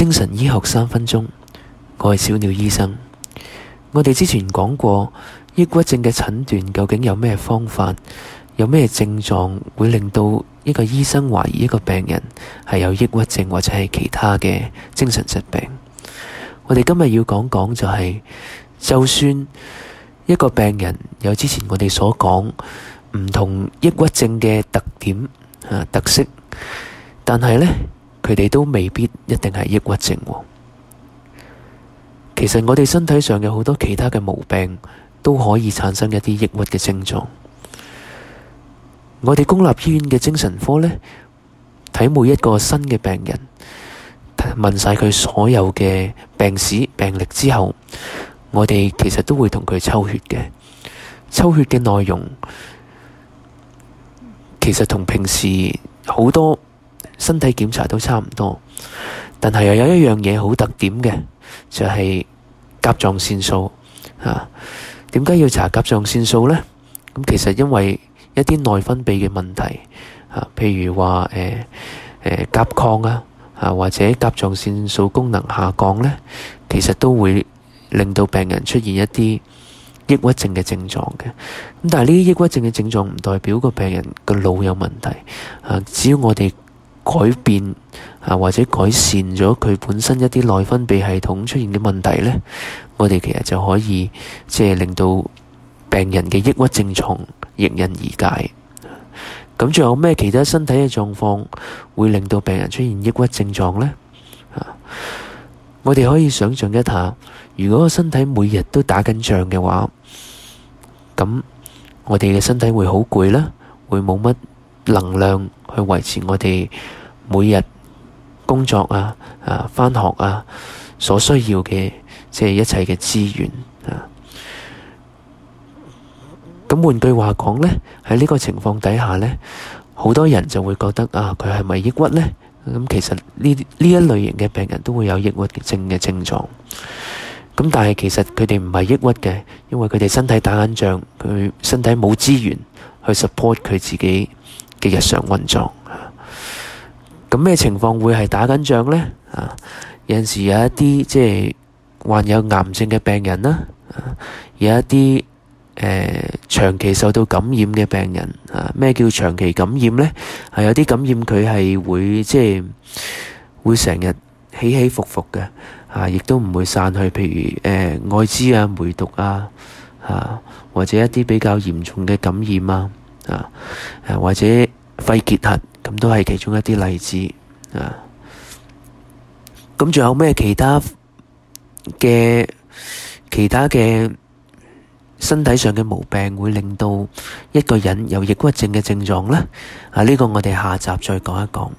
精神醫學三分鐘，我係小鳥醫生。我哋之前講過，抑鬱症嘅診斷究竟有咩方法，有咩症狀會令到一個醫生懷疑一個病人係有抑鬱症或者係其他嘅精神疾病。我哋今日要講講就係，就算一個病人有之前我哋所講唔同抑鬱症嘅特點啊特色，但係呢。佢哋都未必一定係抑鬱症喎。其實我哋身體上有好多其他嘅毛病，都可以產生一啲抑鬱嘅症狀。我哋公立醫院嘅精神科呢，睇每一個新嘅病人，問晒佢所有嘅病史、病歷之後，我哋其實都會同佢抽血嘅。抽血嘅內容其實同平時好多。身體檢查都差唔多，但係又有一樣嘢好特點嘅，就係甲狀腺素吓。點解要查甲狀腺素呢？咁其實因為一啲內分泌嘅問題啊，譬如話誒誒甲亢啊啊，或者甲狀腺素功能下降呢，其實都會令到病人出現一啲抑鬱症嘅症狀嘅。咁但係呢啲抑鬱症嘅症狀唔代表個病人個腦有問題啊，只要我哋。改變啊，或者改善咗佢本身一啲內分泌系統出現嘅問題咧，我哋其實就可以即係令到病人嘅抑鬱症狀迎刃而解。咁仲有咩其他身體嘅狀況會令到病人出現抑鬱症狀咧？啊，我哋可以想象一下，如果個身體每日都打緊仗嘅話，咁我哋嘅身體會好攰啦，會冇乜。能量去維持我哋每日工作啊，返學啊，所需要嘅，即係一切嘅資源。咁，換句話講呢，喺呢個情況底下呢，好多人就會覺得，啊，佢係咪抑鬱呢？咁，其實，呢一類型嘅病人都會有抑鬱症嘅症狀。咁，但係其實，佢哋唔係抑鬱嘅，因為佢哋身體打緊仗，佢身體冇資源，去 support 佢自己，嘅日常運作，咁咩情況會係打緊仗呢？啊，有陣時有一啲即係患有癌症嘅病人啦，有一啲誒長期受到感染嘅病人啊。咩叫長期感染呢？係有啲感染佢係會即係會成日起起伏伏嘅，啊，亦都唔會散去。譬如誒艾滋啊、梅毒啊，啊或者一啲比較嚴重嘅感染啊，啊或者。肺結核咁都係其中一啲例子啊！咁仲有咩其他嘅其他嘅身體上嘅毛病會令到一個人有抑鬱症嘅症狀呢？啊，呢個我哋下集再講一講。